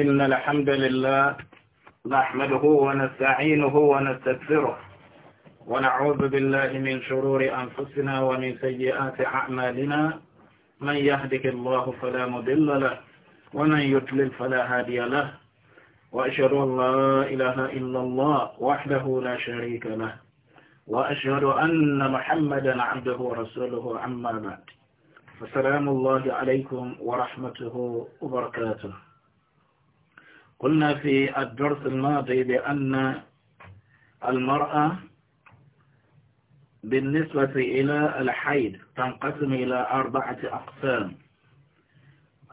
إن الحمد لله نحمده ونستعينه ونستغفره ونعوذ بالله من شرور أنفسنا ومن سيئات أعمالنا من يهدك الله فلا مضل له ومن يضلل فلا هادي له وأشهد أن لا إله إلا الله وحده لا شريك له وأشهد أن محمدا عبده ورسوله عما بعد فسلام الله عليكم ورحمته وبركاته قلنا في الدرس الماضي بأن المرأة بالنسبة إلى الحيض تنقسم إلى أربعة أقسام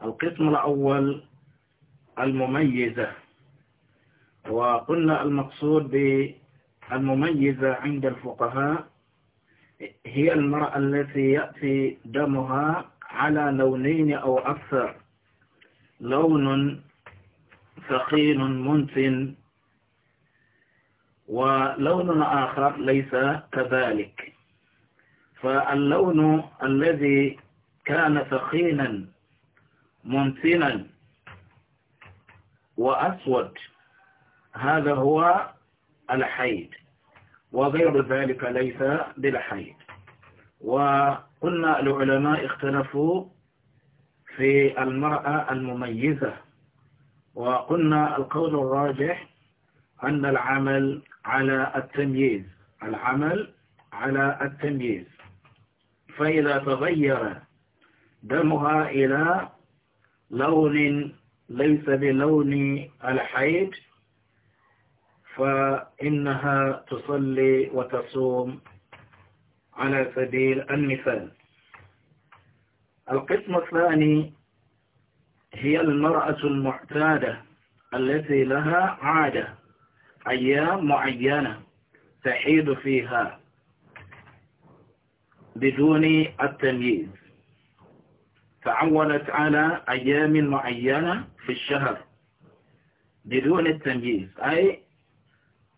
القسم الأول المميزة وقلنا المقصود بالمميزة عند الفقهاء هي المرأة التي يأتي دمها على لونين أو أكثر لون ثقيل منتن ولون آخر ليس كذلك فاللون الذي كان ثقيلا منتنا وأسود هذا هو الحيد وغير ذلك ليس بالحيد وقلنا العلماء اختلفوا في المرأة المميزة وقلنا القول الراجح أن العمل على التمييز العمل على التمييز فإذا تغير دمها إلى لون ليس بلون الحيض فإنها تصلي وتصوم على سبيل المثال القسم الثاني هي المرأة المعتادة التي لها عادة أيام معينة تحيد فيها بدون التمييز تعولت على أيام معينة في الشهر بدون التمييز أي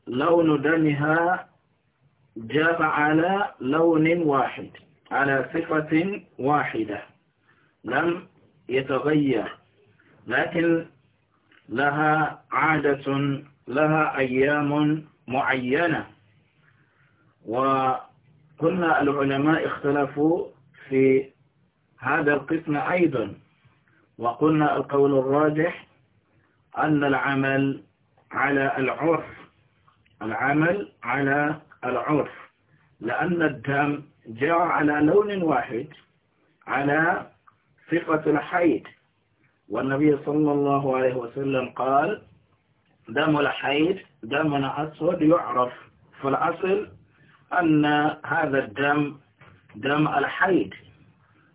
لون دمها جاء على لون واحد على صفة واحدة لم يتغير لكن لها عادة لها أيام معينة وكنا العلماء اختلفوا في هذا القسم أيضا وقلنا القول الراجح أن العمل على العرف العمل على العرف لأن الدم جاء على لون واحد على ثقة الحيد والنبي صلى الله عليه وسلم قال دم الحيض دم أسود يعرف فالأصل أن هذا الدم دم الحيض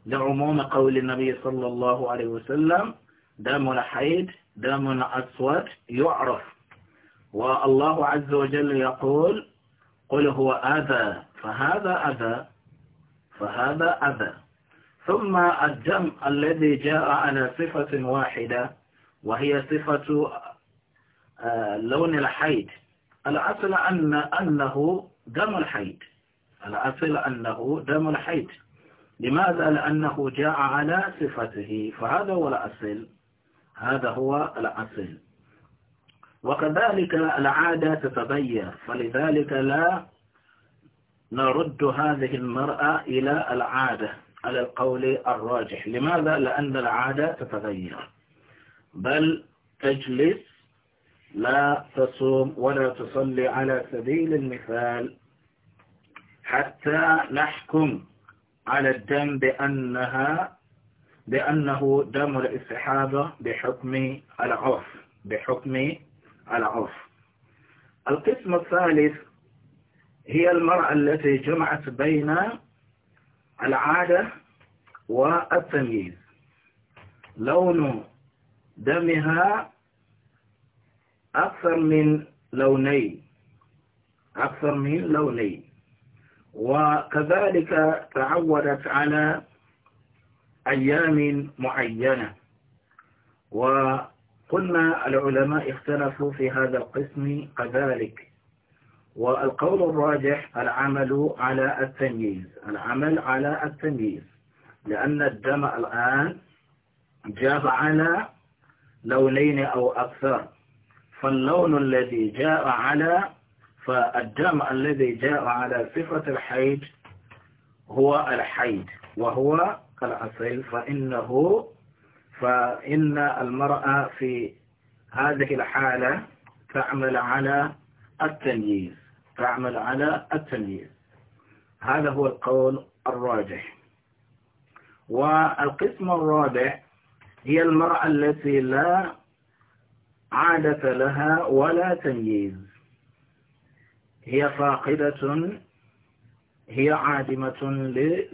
لعموم قول النبي صلى الله عليه وسلم دم الحيض دم أسود يعرف والله عز وجل يقول قل هو أذى فهذا أذى فهذا أذى ثم الدم الذي جاء على صفة واحدة وهي صفة آه، لون الحيد الأصل أن أنه دم الحيد الأصل أنه دم الحيد لماذا؟ لأنه جاء على صفته فهذا هو الأصل هذا هو الأصل وكذلك العادة تتغير فلذلك لا نرد هذه المرأة إلى العادة على القول الراجح لماذا؟ لأن العادة تتغير بل تجلس لا تصوم ولا تصلي على سبيل المثال حتى نحكم على الدم بأنها بأنه دم الاستحابة بحكم العرف بحكم العرف القسم الثالث هي المرأة التي جمعت بين العادة والتمييز لون دمها أكثر من لونين أكثر من لونين وكذلك تعودت على أيام معينة وقلنا العلماء اختلفوا في هذا القسم كذلك والقول الراجح العمل على التمييز العمل على التمييز لأن الدم الآن جاء على لونين أو أكثر فاللون الذي جاء على فالدم الذي جاء على صفة الحيد هو الحيد وهو الأصل فإنه فإن المرأة في هذه الحالة تعمل على التمييز تعمل على التنمية هذا هو القول الراجح والقسم الرابع هي المرأة التي لا عادة لها ولا تمييز هي فاقدة هي عادمة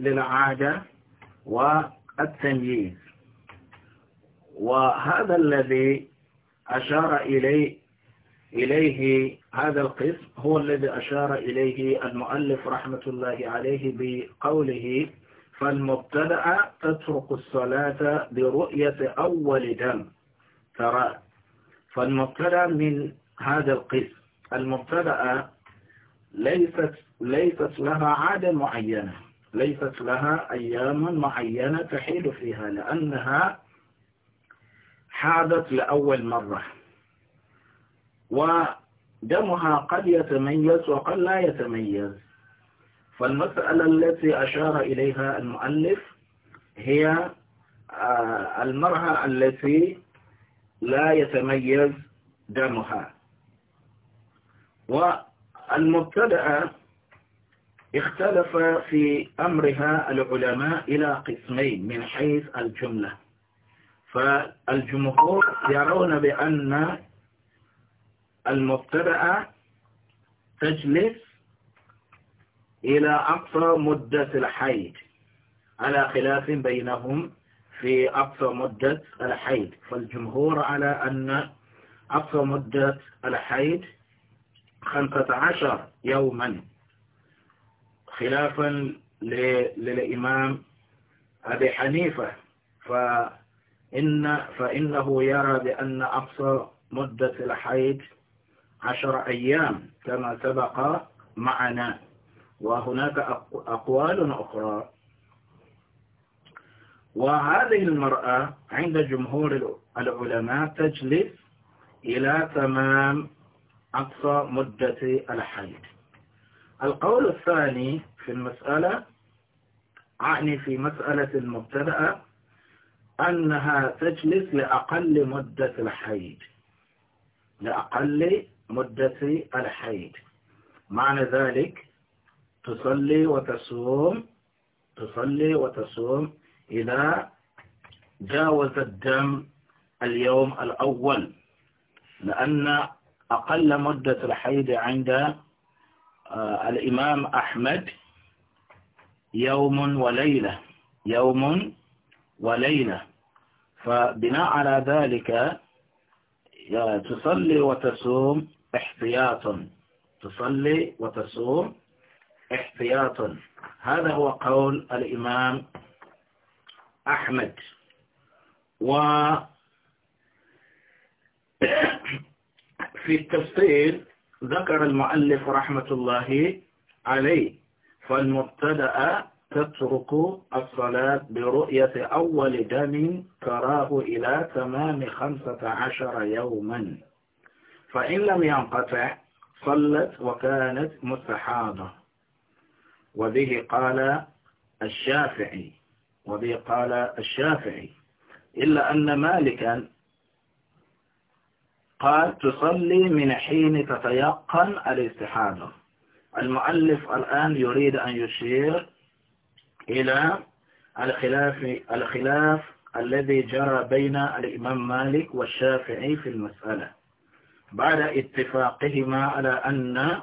للعادة والتمييز وهذا الذي أشار إليه إليه هذا القسم هو الذي أشار إليه المؤلف رحمة الله عليه بقوله فالمبتدأ تترك الصلاة برؤية أول دم ترى فالمبتدأ من هذا القسم المبتدأ ليست ليست لها عادة معينة ليست لها أيام معينة تحيل فيها لأنها حادت لأول مرة ودمها قد يتميز وقد لا يتميز فالمسألة التي أشار إليها المؤلف هي آه، المرأة التي لا يتميز دمها والمبتدأ اختلف في أمرها العلماء إلى قسمين من حيث الجملة فالجمهور يرون بأن المبتدأة تجلس إلى أقصى مدة الحيض على خلاف بينهم في أقصى مدة الحيض فالجمهور على أن أقصى مدة الحيض خمسة عشر يوما خلافا للإمام أبي حنيفة فإن فإنه يرى بأن أقصى مدة الحيض عشر أيام كما سبق معنا وهناك أقوال أخرى وهذه المرأة عند جمهور العلماء تجلس إلى تمام أقصى مدة الحيض القول الثاني في المسألة أعني في مسألة المبتدأة أنها تجلس لأقل مدة الحيض لأقل مدة الحيض معنى ذلك تصلي وتصوم تصلي وتصوم إذا جاوز الدم اليوم الأول لأن أقل مدة الحيض عند آه، الإمام أحمد يوم وليلة يوم وليلة فبناء على ذلك يعني تصلي وتصوم احتياطا تصلي وتصوم احتياطا هذا هو قول الإمام أحمد و في التفسير ذكر المؤلف رحمة الله عليه فالمبتدأ تترك الصلاة برؤية أول دم تراه إلى تمام خمسة عشر يوما فإن لم ينقطع صلت وكانت مستحاضة وبه قال الشافعي وبه قال الشافعي إلا أن مالكا قال تصلي من حين تتيقن الاستحاضة المؤلف الآن يريد أن يشير إلى الخلاف الخلاف الذي جرى بين الإمام مالك والشافعي في المسألة بعد اتفاقهما على أن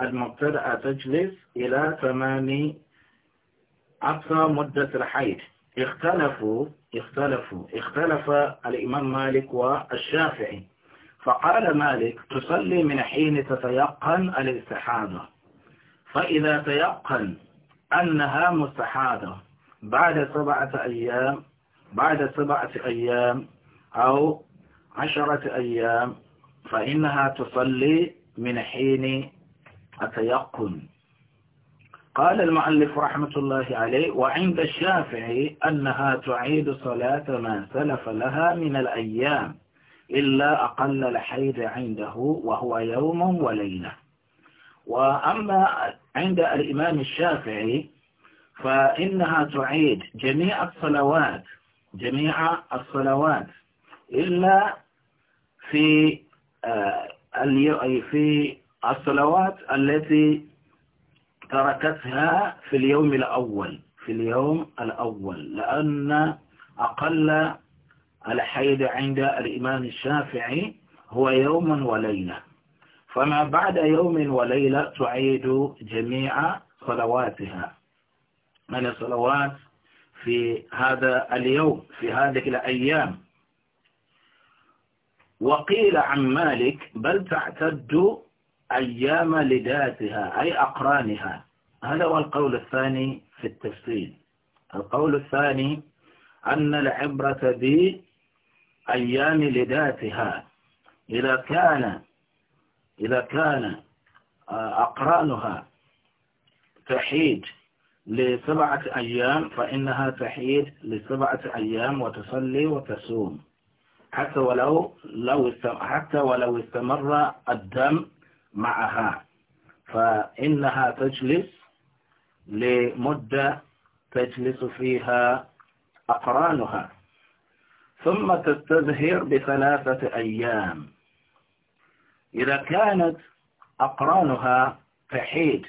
المبتدأ تجلس إلى ثمان أقصى مدة الحيض اختلفوا اختلفوا اختلف الإمام مالك والشافعي فقال مالك تصلي من حين تتيقن الاستحاضة فإذا تيقن أنها مستحاضة بعد سبعة أيام بعد سبعة أيام أو عشرة أيام فإنها تصلي من حين التيقن قال المؤلف رحمة الله عليه وعند الشافعي أنها تعيد صلاة ما سلف لها من الأيام إلا أقل الحيض عنده وهو يوم وليلة وأما عند الإمام الشافعي فإنها تعيد جميع الصلوات جميع الصلوات إلا في آه، في الصلوات التي تركتها في اليوم الأول في اليوم الأول لأن أقل الحيد عند الإمام الشافعي هو يوم وليلة فما بعد يوم وليلة تعيد جميع صلواتها من الصلوات في هذا اليوم في هذه الأيام وقيل عن مالك بل تعتد أيام لداتها أي أقرانها هذا هو القول الثاني في التفصيل القول الثاني أن العبرة بأيام لداتها إذا كان إذا كان آه، أقرانها تحيد لسبعة أيام فإنها تحيد لسبعة أيام وتصلي وتصوم حتى ولو لو حتى ولو استمر الدم معها فإنها تجلس لمدة تجلس فيها أقرانها ثم تستظهر بثلاثة أيام إذا كانت أقرانها تحيد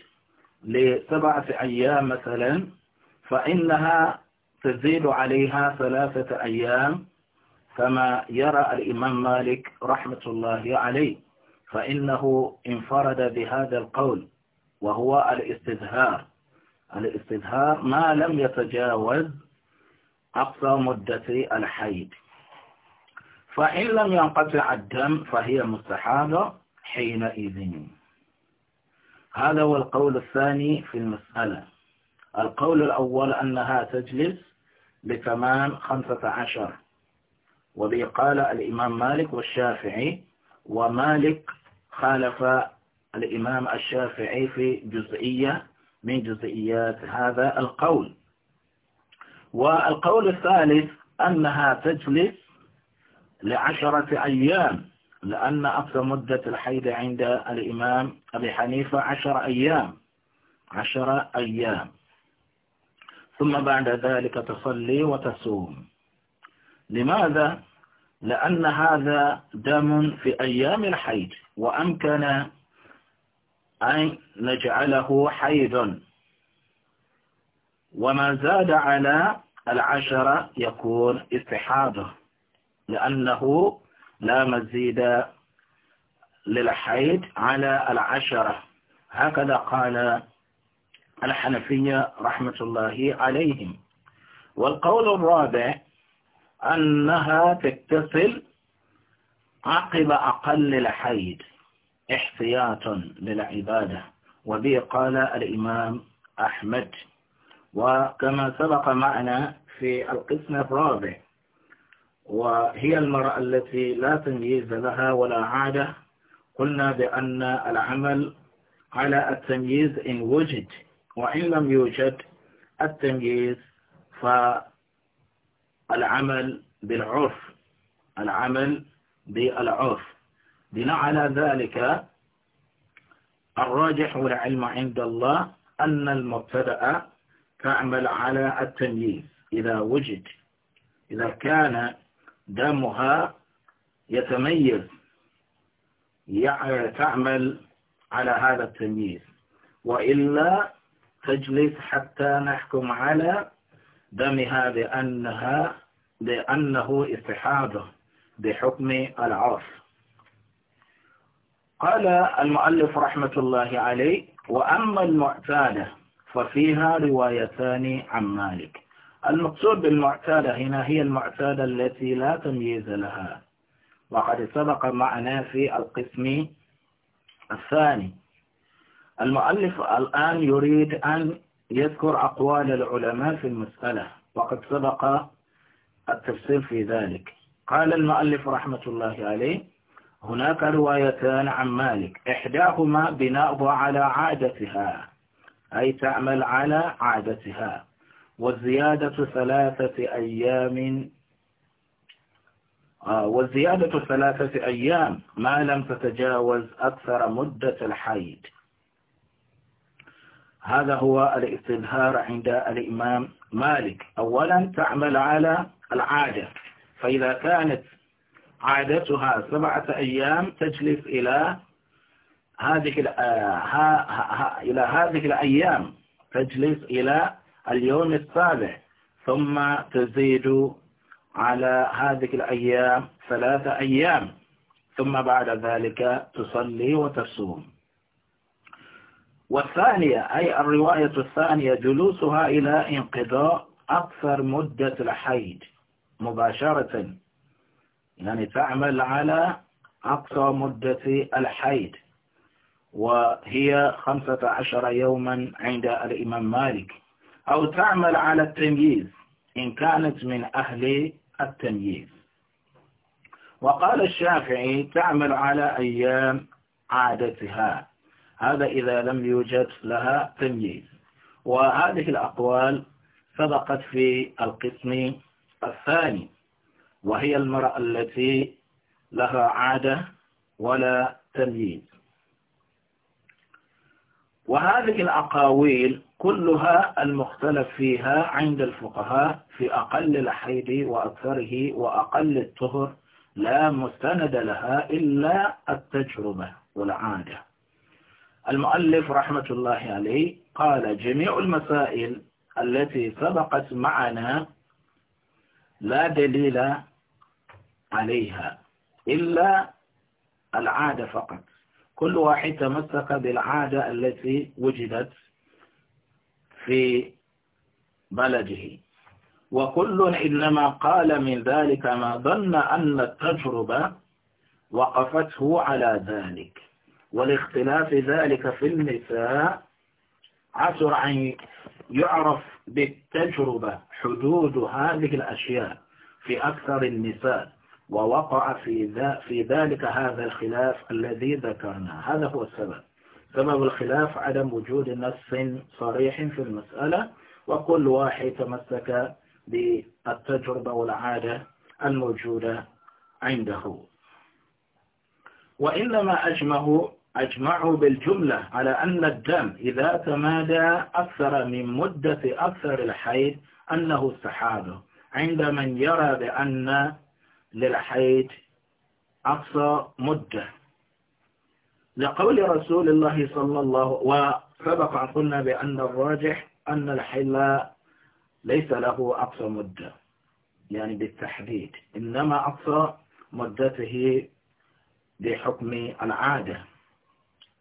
لسبعة أيام مثلا فإنها تزيد عليها ثلاثة أيام كما يرى الإمام مالك رحمة الله عليه فإنه انفرد بهذا القول وهو الاستظهار الاستظهار ما لم يتجاوز أقصى مدة الحيد فإن لم ينقطع الدم فهي مستحاضة حينئذ هذا هو القول الثاني في المسألة القول الأول أنها تجلس لثمان خمسة عشر وبه قال الإمام مالك والشافعي ومالك خالف الإمام الشافعي في جزئية من جزئيات هذا القول والقول الثالث أنها تجلس لعشرة أيام لأن أقصى مدة الحيض عند الإمام أبي حنيفة عشر أيام عشر أيام ثم بعد ذلك تصلي وتصوم لماذا؟ لأن هذا دم في أيام الحيض وأمكن أن نجعله حيض وما زاد على العشرة يكون استحاضة لأنه لا مزيد للحيض على العشرة هكذا قال الحنفية رحمة الله عليهم والقول الرابع أنها تكتسل عقب أقل الحيض احتياط للعبادة وبه قال الإمام أحمد وكما سبق معنا في القسم الرابع وهي المرأة التي لا تمييز لها ولا عادة قلنا بأن العمل على التمييز إن وجد وإن لم يوجد التمييز فالعمل بالعرف العمل بالعرف بناء على ذلك الراجح والعلم عند الله أن المبتدأ تعمل على التمييز إذا وجد إذا كان دمها يتميز يعني تعمل على هذا التمييز وإلا تجلس حتى نحكم على دمها بأنها بأنه استحاضة بحكم العرف قال المؤلف رحمة الله عليه وأما المعتادة ففيها روايتان عن مالك المقصود بالمعتادة هنا هي المعتادة التي لا تمييز لها وقد سبق معنا في القسم الثاني المؤلف الآن يريد أن يذكر أقوال العلماء في المسألة وقد سبق التفسير في ذلك قال المؤلف رحمة الله عليه هناك روايتان عن مالك إحداهما بناء على عادتها أي تعمل على عادتها والزيادة ثلاثة أيام آه، والزيادة ثلاثة أيام ما لم تتجاوز أكثر مدة الحيض هذا هو الاستظهار عند الإمام مالك أولا تعمل على العادة فإذا كانت عادتها سبعة أيام تجلس إلى هذه آه، إلى هذه الأيام تجلس إلى اليوم السابع ثم تزيد على هذه الأيام ثلاثة أيام ثم بعد ذلك تصلي وتصوم والثانية أي الرواية الثانية جلوسها إلى انقضاء أكثر مدة الحيض مباشرة يعني تعمل على أقصى مدة الحيض وهي خمسة عشر يوما عند الإمام مالك أو تعمل على التمييز إن كانت من أهل التمييز وقال الشافعي تعمل على أيام عادتها هذا إذا لم يوجد لها تمييز وهذه الأقوال سبقت في القسم الثاني وهي المرأة التي لها عادة ولا تمييز وهذه الأقاويل كلها المختلف فيها عند الفقهاء في أقل الحيض وأكثره وأقل الطهر لا مستند لها إلا التجربة والعادة المؤلف رحمة الله عليه قال جميع المسائل التي سبقت معنا لا دليل عليها إلا العادة فقط كل واحد تمسك بالعادة التي وجدت في بلده وكل إنما قال من ذلك ما ظن أن التجربة وقفته على ذلك ولاختلاف ذلك في النساء عثر أن يعرف بالتجربة حدود هذه الأشياء في أكثر النساء ووقع في, في ذلك هذا الخلاف الذي ذكرنا هذا هو السبب سبب الخلاف عدم وجود نص صريح في المسألة وكل واحد تمسك بالتجربة والعادة الموجودة عنده وإنما أجمعوا أجمعوا بالجملة على أن الدم إذا تمادى أكثر من مدة أكثر الحيض أنه استحاضه عند من يرى بأن للحيض أقصى مدة لقول رسول الله صلى الله وسبق قلنا بأن الراجح أن الحل ليس له أقصى مدة يعني بالتحديد إنما أقصى مدته بحكم العادة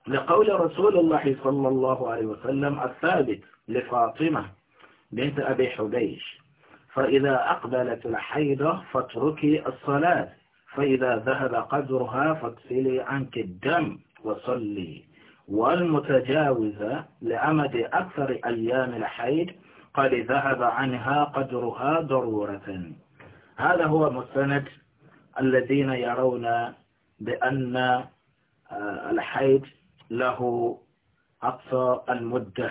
لقول رسول الله صلى الله عليه وسلم الثابت لفاطمة بنت أبي حبيش فإذا أقبلت الحيضة فاتركي الصلاة فإذا ذهب قدرها فاغسلي عنك الدم وصلي والمتجاوزة لعمد أكثر أيام الحيد قد ذهب عنها قدرها ضرورة هذا هو مستند الذين يرون بأن آه، الحيض له أقصى المدة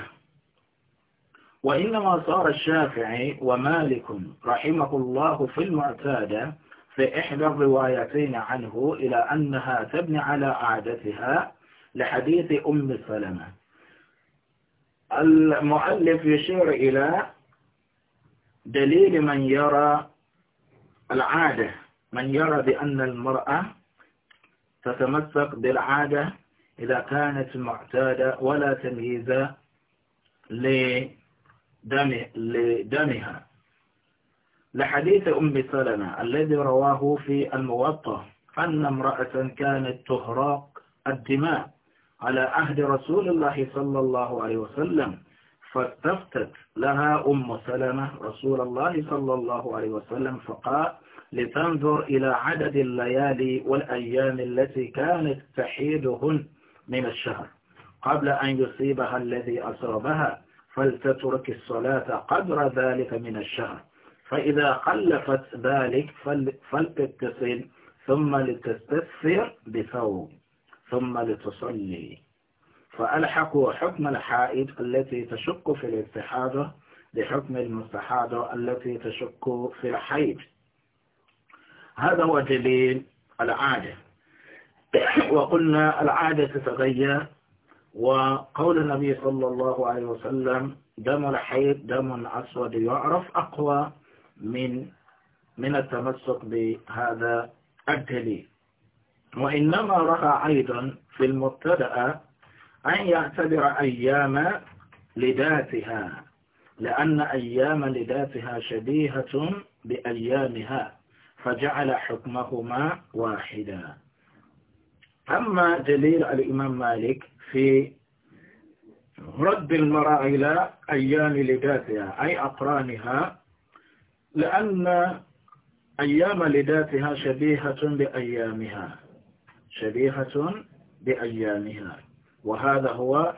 وإنما صار الشافعي ومالك رحمه الله في المعتادة في إحدى الروايتين عنه إلى أنها تبني على عادتها لحديث أم سلمة المؤلف يشير إلى دليل من يرى العادة من يرى بأن المرأة تتمسك بالعادة إذا كانت معتادة ولا تمييز لدم لدمها لحديث أم سلمة الذي رواه في الموطأ أن امرأة كانت تهراق الدماء على عهد رسول الله صلى الله عليه وسلم فاستفتت لها أم سلمة رسول الله صلى الله عليه وسلم فقال لتنظر إلى عدد الليالي والأيام التي كانت تحيدهن من الشهر قبل أن يصيبها الذي أصابها فلتترك الصلاة قدر ذلك من الشهر فإذا خلفت ذلك فلتتصل ثم لتستثر بثوب ثم لتصلي فألحقوا حكم الحائد التي تشك في الاستحادة بحكم المستحادة التي تشك في الحيض هذا هو دليل العادة وقلنا العادة تتغير وقول النبي صلى الله عليه وسلم دم الحيض دم أسود يعرف أقوى من من التمسك بهذا الدليل وإنما رأى أيضا في المبتدأ أن يعتبر أيام لذاتها لأن أيام لذاتها شبيهة بأيامها فجعل حكمهما واحدا أما دليل الإمام مالك في رد المرأة إلى أيام لذاتها أي أقرانها لأن أيام لداتها شبيهة بأيامها شبيهة بأيامها وهذا هو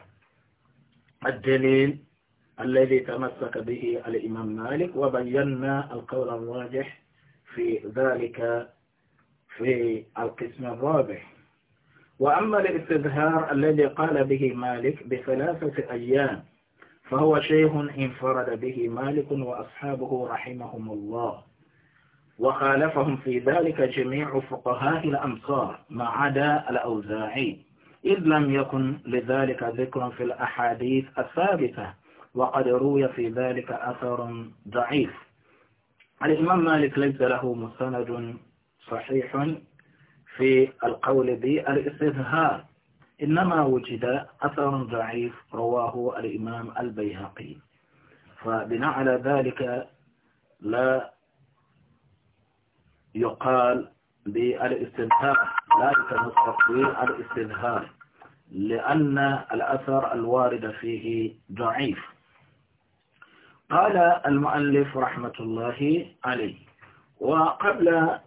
الدليل الذي تمسك به الإمام مالك وبينا القول الراجح في ذلك في القسم الرابع وأما الاستظهار الذي قال به مالك بثلاثة أيام فهو شيخ انفرد به مالك وأصحابه رحمهم الله وخالفهم في ذلك جميع فقهاء الأمصار ما عدا الأوزاعي إذ لم يكن لذلك ذكر في الأحاديث الثابتة وقد روي في ذلك أثر ضعيف الإمام مالك ليس له مستند صحيح في القول بالاستظهار إنما وجد أثر ضعيف رواه الإمام البيهقي فبناء على ذلك لا يقال بالاستنهار لا يتنصف بالاستنهار لأن الأثر الوارد فيه ضعيف قال المؤلف رحمة الله عليه وقبل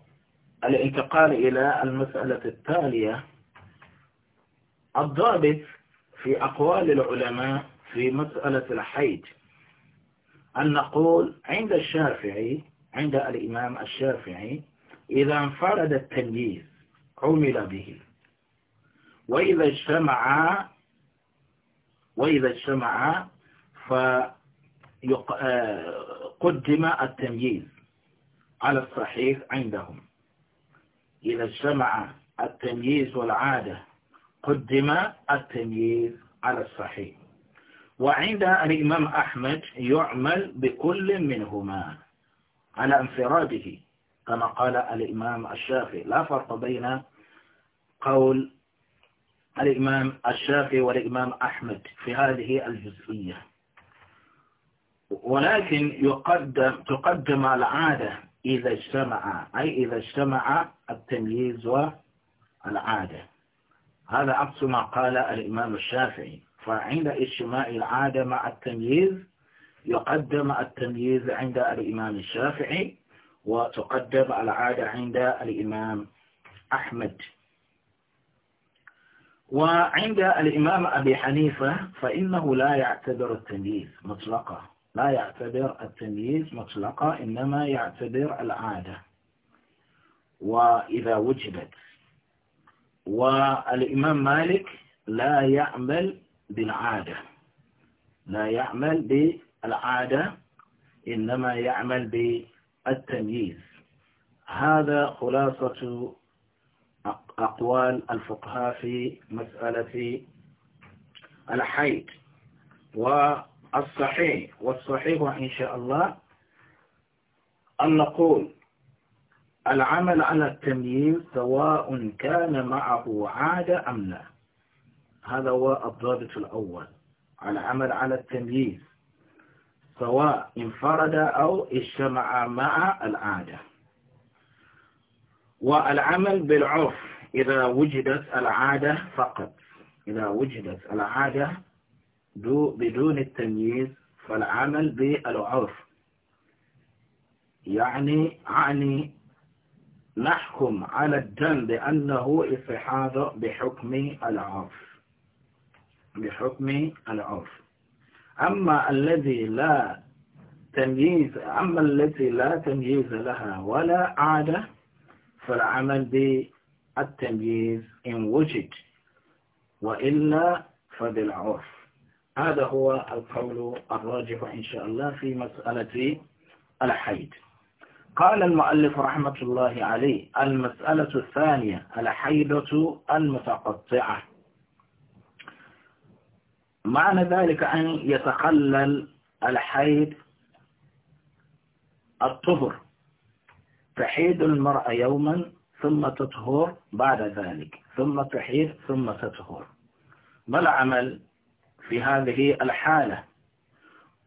الانتقال إلى المسألة التالية الضابط في أقوال العلماء في مسألة الحيد أن نقول عند الشافعي عند الإمام الشافعي إذا انفرد التمييز عمل به وإذا اجتمع وإذا اجتمع فقدم التمييز على الصحيح عندهم إذا اجتمع التمييز والعادة قدم التمييز على الصحيح وعند الإمام أحمد يعمل بكل منهما على انفراده كما قال الإمام الشافعي لا فرق بين قول الإمام الشافعي والإمام أحمد في هذه الجزئية ولكن يقدم تقدم العادة إذا اجتمع أي إذا اجتمع التمييز والعادة هذا عكس ما قال الإمام الشافعي فعند اجتماع العادة مع التمييز يقدم التمييز عند الإمام الشافعي وتقدم العادة عند الإمام أحمد وعند الإمام أبي حنيفة فإنه لا يعتبر التمييز مطلقة لا يعتبر التمييز مطلقة إنما يعتبر العادة وإذا وجدت والإمام مالك لا يعمل بالعادة لا يعمل بالعادة إنما يعمل بالتمييز هذا خلاصة أقوال الفقهاء في مسألة الحيض والصحيح والصحيح إن شاء الله أن نقول العمل على التمييز سواء كان معه عادة أم لا هذا هو الضابط الأول العمل على التمييز سواء انفرد أو اجتمع مع العادة والعمل بالعرف إذا وجدت العادة فقط إذا وجدت العادة بدون التمييز فالعمل بالعرف يعني عني نحكم على الدم بأنه إصحاب بحكم العرف بحكم العرف أما الذي لا تمييز أما التي لا تمييز لها ولا عادة فالعمل بالتمييز إن وجد وإلا فبالعرف هذا هو القول الراجح إن شاء الله في مسألة الحيد قال المؤلف رحمة الله عليه المسألة الثانية الحيدة المتقطعة معنى ذلك أن يتقلل الحيد الطهر تحيد المرأة يوما ثم تطهر بعد ذلك ثم تحيد ثم تطهر ما العمل في هذه الحالة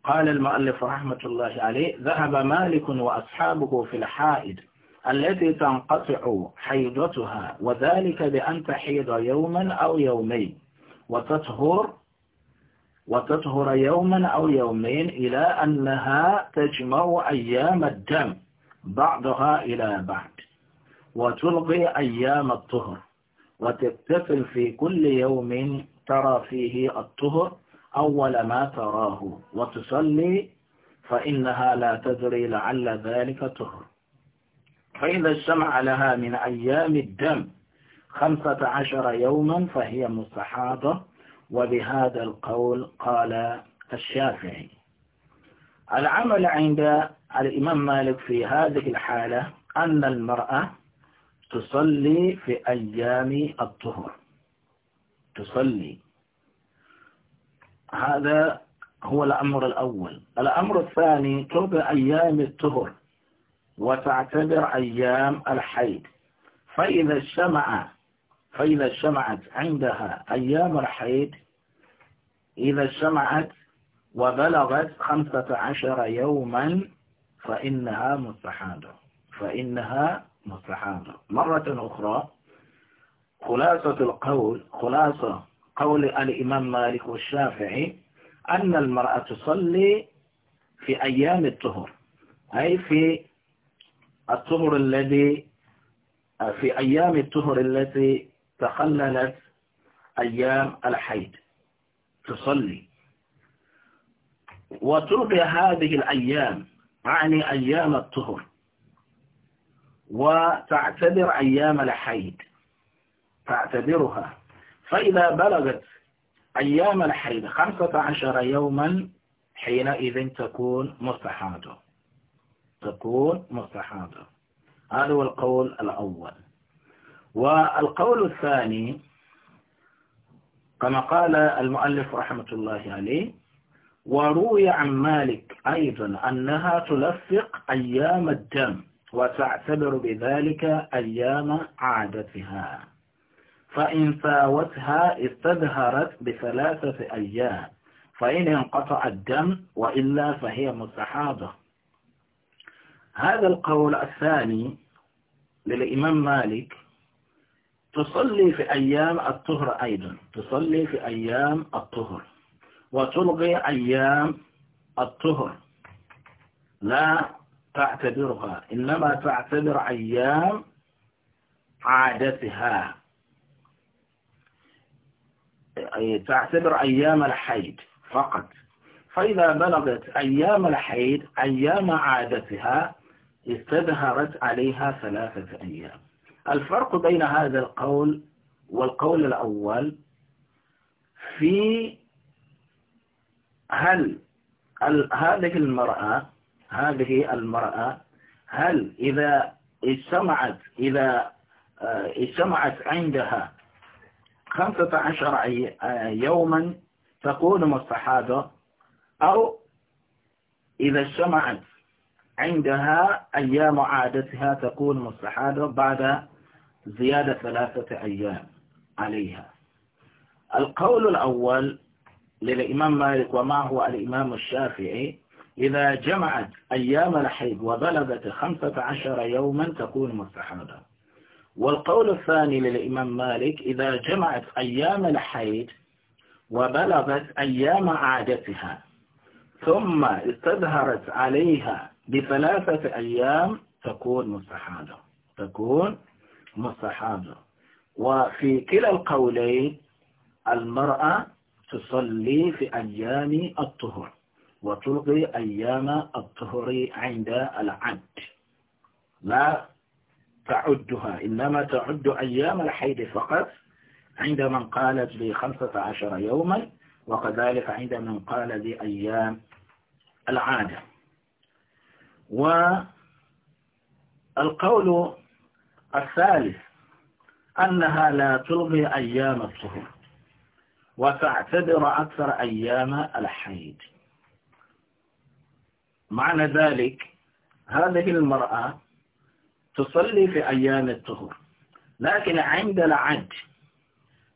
قال المؤلف رحمة الله عليه ذهب مالك وأصحابه في الحائد التي تنقطع حيضتها وذلك بأن تحيض يوما أو يومين وتطهر وتطهر يوما أو يومين إلى أنها تجمع أيام الدم بعضها إلى بعض وتلغي أيام الطهر وتكتفل في كل يوم ترى فيه الطهر أول ما تراه وتصلي فإنها لا تدري لعل ذلك طهر فإذا اجتمع لها من أيام الدم خمسة عشر يوما فهي مستحاضة وبهذا القول قال الشافعي العمل عند الإمام مالك في هذه الحالة أن المرأة تصلي في أيام الطهر تصلي هذا هو الأمر الأول الأمر الثاني تبع أيام الطهر وتعتبر أيام الحيض فإذا اجتمع فإذا اجتمعت عندها أيام الحيض إذا اجتمعت وبلغت خمسة عشر يوما فإنها مستحاضة فإنها مستحاضة مرة أخرى خلاصة القول خلاصة قول الإمام مالك والشافعي أن المرأة تصلي في أيام الطهر أي في الطهر الذي في أيام الطهر التي تخللت أيام الحيض تصلي وتلقي هذه الأيام يعني أيام الطهر وتعتبر أيام الحيض تعتبرها فإذا بلغت أيام الحيض خمسة عشر يوما حينئذ تكون مستحاضة تكون مستحاضة هذا هو القول الأول والقول الثاني كما قال المؤلف رحمة الله عليه وروي عن مالك أيضا أنها تلفق أيام الدم وتعتبر بذلك أيام عادتها فإن فاوتها استدهرت بثلاثة أيام فإن انقطع الدم وإلا فهي مستحاضة هذا القول الثاني للإمام مالك تصلي في أيام الطهر أيضا تصلي في أيام الطهر وتلغي أيام الطهر لا تعتبرها إنما تعتبر أيام عادتها تعتبر أيام الحيض فقط فإذا بلغت أيام الحيض أيام عادتها استظهرت عليها ثلاثة أيام الفرق بين هذا القول والقول الأول في هل هذه المرأة هذه المرأة هل إذا اجتمعت إذا آه، اجتمعت عندها خمسة عشر آه، يوما تقول الصحابة أو إذا اجتمعت عندها أيام عادتها تكون الصحابة بعد زيادة ثلاثة أيام عليها القول الأول للإمام مالك ومعه الإمام الشافعي إذا جمعت أيام الحيض وبلغت خمسة عشر يوما تكون مستحاضة والقول الثاني للإمام مالك إذا جمعت أيام الحيد وبلغت أيام عادتها ثم استظهرت عليها بثلاثة أيام تكون مستحاضة تكون مستحاضة وفي كلا القولين المرأة تصلي في أيام الطهر وتلقي أيام الطهر عند العد لا تعدها إنما تعد أيام الحيض فقط عند من قالت لي خمسة عشر يوما وكذلك عند من قال لي أيام العادة والقول الثالث أنها لا تلغي أيام الطهور وتعتبر أكثر أيام الحيض معنى ذلك هذه المرأة تصلي في أيام الطهور لكن عند العد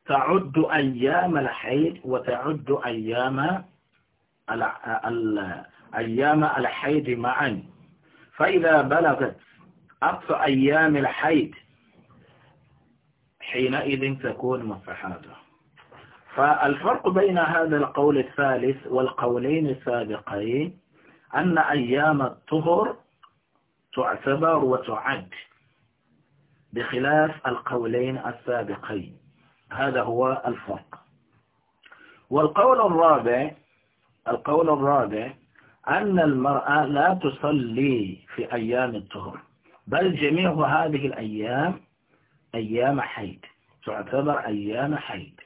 تعد أيام الحيض وتعد أيام أيام الحيض معا فإذا بلغت أقصى أيام الحيض حينئذ تكون مستحاضة فالفرق بين هذا القول الثالث والقولين السابقين أن أيام الطهر تعتبر وتعد بخلاف القولين السابقين هذا هو الفرق والقول الرابع القول الرابع أن المرأة لا تصلي في أيام الطهر بل جميع هذه الأيام أيام حيد تعتبر أيام حيد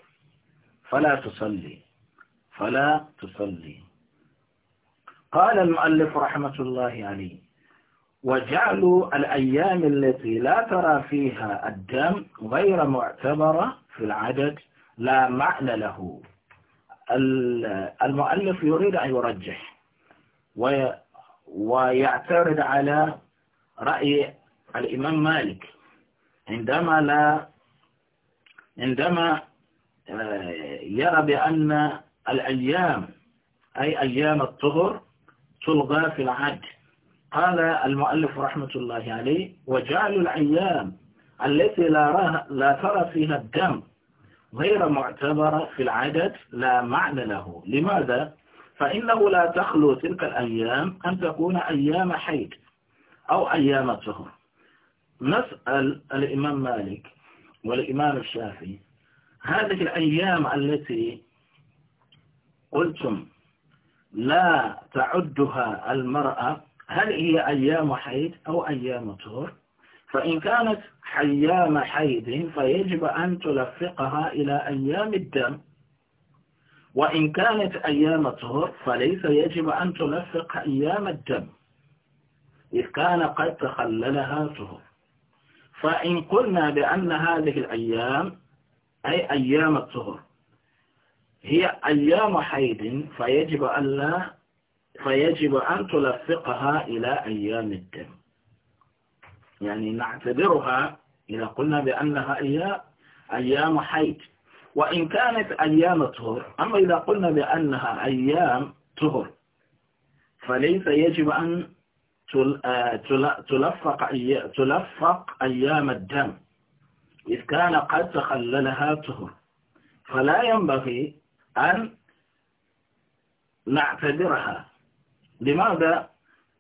فلا تصلي فلا تصلي قال المؤلف رحمة الله عليه وجعلوا الأيام التي لا ترى فيها الدم غير معتبرة في العدد لا معنى له المؤلف يريد أن يرجح ويعترض على رأي الإمام مالك عندما لا عندما آه، يرى بأن الأيام أي أيام الطهر تلغى في العدد قال المؤلف رحمة الله عليه وجعل الأيام التي لا, لا ترى فيها الدم غير معتبرة في العدد لا معنى له لماذا؟ فإنه لا تخلو تلك الأيام أن تكون أيام حيد أو أيام طهر نسأل الإمام مالك والإمام الشافعي هذه الأيام التي قلتم لا تعدها المرأة هل هي أيام حيض أو أيام طهر فإن كانت أيام حيض فيجب أن تلفقها إلى أيام الدم وإن كانت أيام طهر فليس يجب أن تلفق أيام الدم إذ كان قد تخللها طهر فإن قلنا بأن هذه الأيام أي أيام الطهر هي أيام حيض فيجب أن لا فيجب أن تلفقها إلى أيام الدم يعني نعتبرها إذا قلنا بأنها أيام حيض وإن كانت أيام طهر أما إذا قلنا بأنها أيام طهر فليس يجب أن تلفق آه، تلفق أيام الدم إذ كان قد تخللها طهر فلا ينبغي أن نعتبرها لماذا؟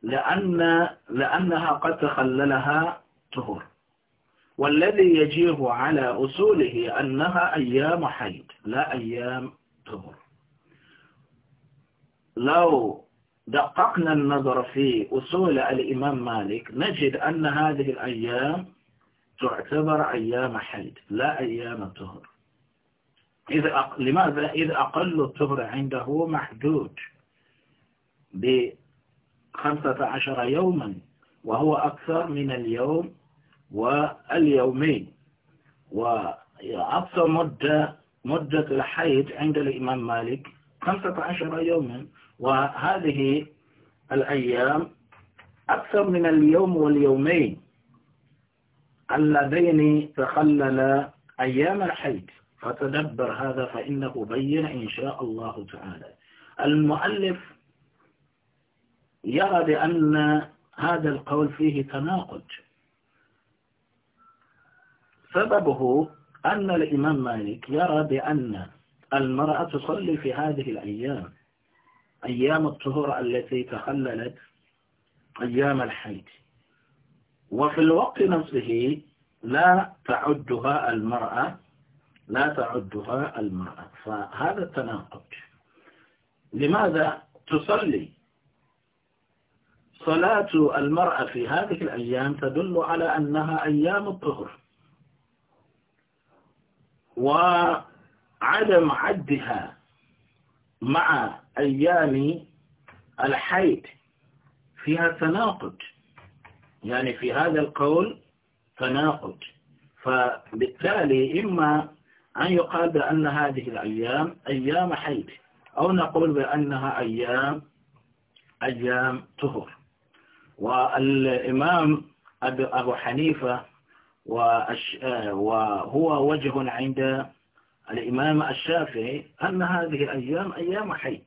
لأن لأنها قد تخللها طهور والذي يجيه على أصوله أنها أيام حيض لا أيام طهور لو دققنا النظر في أصول الإمام مالك نجد أن هذه الأيام تعتبر أيام حيض لا أيام طهور إذ أق... لماذا؟ إذ أقل الطهر عنده محدود ب 15 يوما وهو أكثر من اليوم واليومين وأقصى مدة مدة الحيض عند الإمام مالك 15 يوما وهذه الأيام أكثر من اليوم واليومين اللذين تخللا أيام الحيض فتدبر هذا فإنه بين إن شاء الله تعالى المؤلف يرى بأن هذا القول فيه تناقض سببه أن الإمام مالك يرى بأن المرأة تصلي في هذه الأيام أيام الطهور التي تخللت أيام الحيض وفي الوقت نفسه لا تعدها المرأة لا تعدها المرأة فهذا التناقض لماذا تصلي صلاة المرأة في هذه الأيام تدل على أنها أيام الطهر وعدم عدها مع أيام الحيض فيها تناقض يعني في هذا القول تناقض فبالتالي إما أن يقال بأن هذه الأيام أيام حيض أو نقول بأنها أيام أيام طهر والإمام أبو حنيفة آه، وهو وجه عند الإمام الشافعي أن هذه الأيام أيام حيد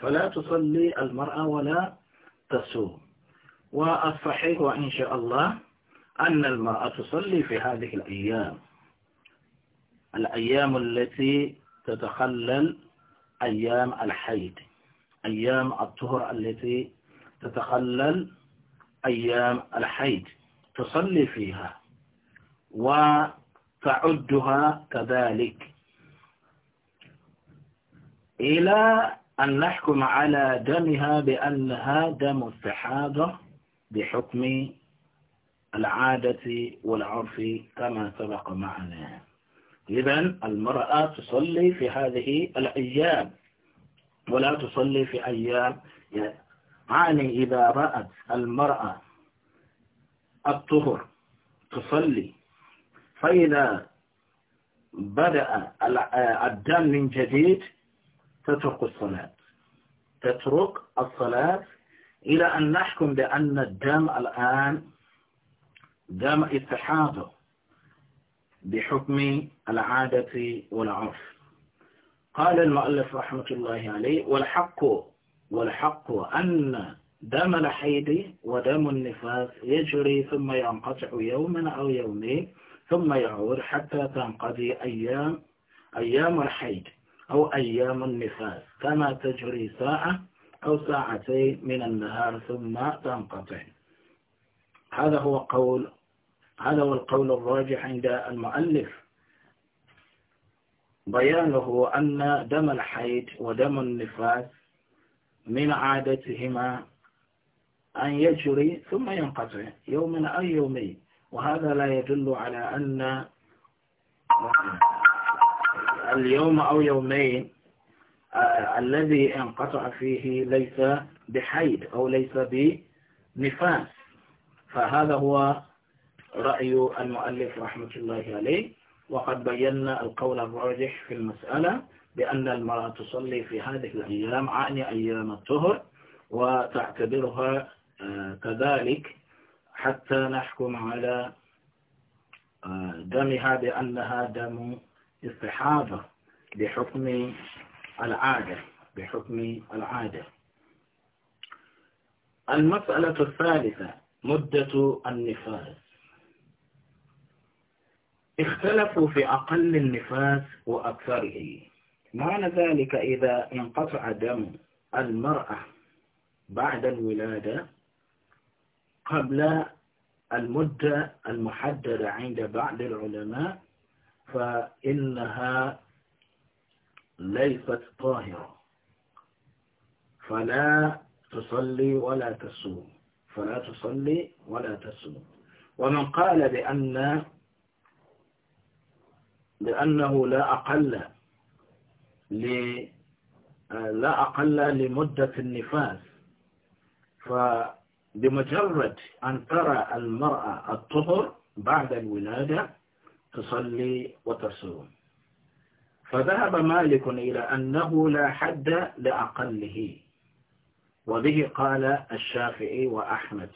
فلا تصلي المرأة ولا تصوم والصحيح إن شاء الله أن المرأة تصلي في هذه الأيام الأيام التي تتخلل أيام الحيد أيام الطهر التي تتخلل أيام الحيد تصلي فيها وتعدها كذلك إلى أن نحكم على دمها بأنها دم استحاضة بحكم العادة والعرف كما سبق معنا إذا المرأة تصلي في هذه الأيام ولا تصلي في أيام عاني إذا رأت المرأة الطهر تصلي فإذا بدأ آه، الدم من جديد تترك الصلاة تترك الصلاة إلى أن نحكم بأن الدم الآن دم اتحاد بحكم العادة والعرف قال المؤلف رحمة الله عليه والحق والحق أن دم الحيد ودم النفاس يجري ثم ينقطع يوما أو يومين ثم يعود حتى تنقضي أيام أيام الحيد أو أيام النفاس كما تجري ساعة أو ساعتين من النهار ثم تنقطع هذا هو قول هذا هو القول الراجح عند المؤلف بيانه أن دم الحيد ودم النفاس من عادتهما أن يجري ثم ينقطع يوما أو يومين وهذا لا يدل على أن اليوم أو يومين آه، الذي انقطع فيه ليس بحيد أو ليس بنفاس فهذا هو رأي المؤلف رحمة الله عليه وقد بينا القول الراجح في المسألة بأن المرأة تصلي في هذه الأيام عن أيام الطهر وتعتبرها آه، كذلك حتى نحكم على آه، دمها بأنها دم استحاضة بحكم العادة بحكم العادة المسألة الثالثة مدة النفاس اختلفوا في أقل النفاس وأكثره معنى ذلك إذا انقطع دم المرأة بعد الولادة قبل المدة المحددة عند بعض العلماء فإنها ليست طاهرة فلا تصلي ولا تصوم فلا تصلي ولا تصوم ومن قال بأن بأنه لا أقل آه، لا أقل لمدة النفاس فبمجرد أن ترى المرأة الطهر بعد الولادة تصلي وتصوم فذهب مالك إلى أنه لا حد لأقله وبه قال الشافعي وأحمد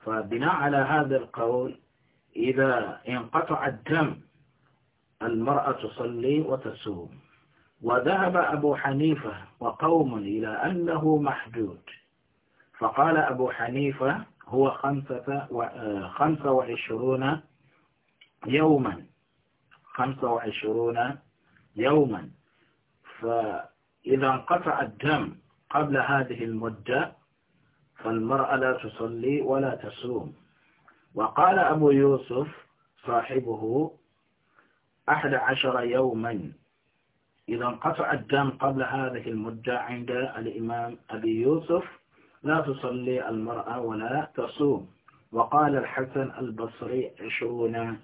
فبناء على هذا القول إذا انقطع الدم المرأة تصلي وتصوم وذهب أبو حنيفة وقوم إلى أنه محدود فقال أبو حنيفة هو خمسة آه، خمسة وعشرون يوما خمسة وعشرون يوما فإذا انقطع الدم قبل هذه المدة فالمرأة لا تصلي ولا تصوم وقال أبو يوسف صاحبه أحد عشر يوما إذا انقطع الدم قبل هذه المدة عند الإمام أبي يوسف لا تصلي المرأة ولا تصوم وقال الحسن البصري عشرون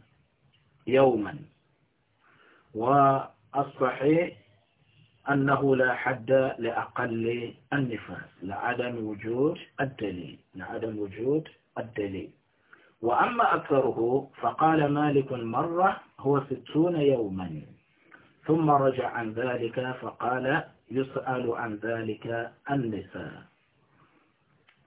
يوما والصحيح أنه لا حد لأقل النفاس لعدم وجود الدليل لعدم وجود الدليل وأما أكثره فقال مالك مرة هو ستون يوما ثم رجع عن ذلك فقال يسأل عن ذلك النساء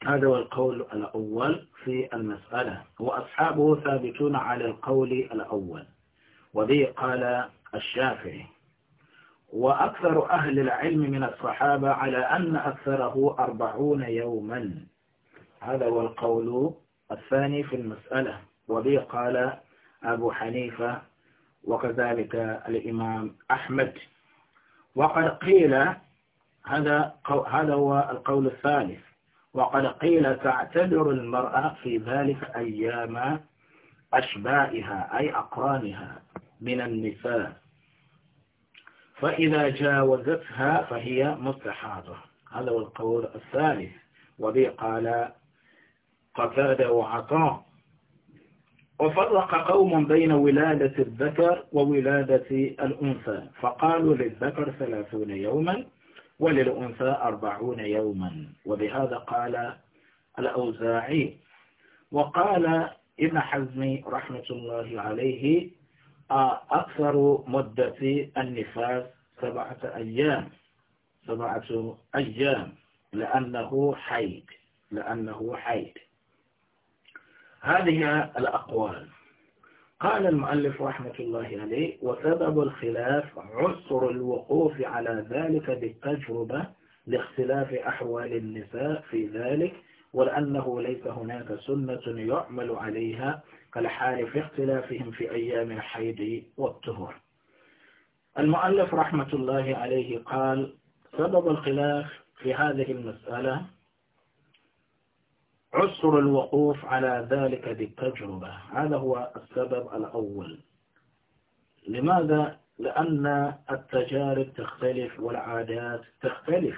هذا هو القول الأول في المسألة وأصحابه ثابتون على القول الأول وبه قال الشافعي وأكثر أهل العلم من الصحابة على أن أكثره أربعون يوما هذا هو القول الثاني في المسألة وبه قال أبو حنيفة وكذلك الإمام أحمد وقد قيل هذا هذا هو القول الثالث وقد قيل تعتذر المرأة في ذلك أيام أشبائها أي أقرانها من النساء فإذا جاوزتها فهي مستحاضة هذا هو القول الثالث وبه قال قتادة وعطاء وفرق قوم بين ولادة الذكر وولادة الأنثى فقالوا للذكر ثلاثون يوما وللأنثى أربعون يوما وبهذا قال الأوزاعي وقال ابن حزم رحمة الله عليه أكثر مدة النفاس سبعة أيام سبعة أيام لأنه حيد لأنه حيد هذه الأقوال قال المؤلف رحمة الله عليه وسبب الخلاف عسر الوقوف على ذلك بالتجربة لاختلاف أحوال النساء في ذلك ولأنه ليس هناك سنة يعمل عليها كالحال في اختلافهم في أيام الحيض والطهور المؤلف رحمة الله عليه قال سبب الخلاف في هذه المسألة عسر الوقوف على ذلك بالتجربة هذا هو السبب الأول لماذا؟ لأن التجارب تختلف والعادات تختلف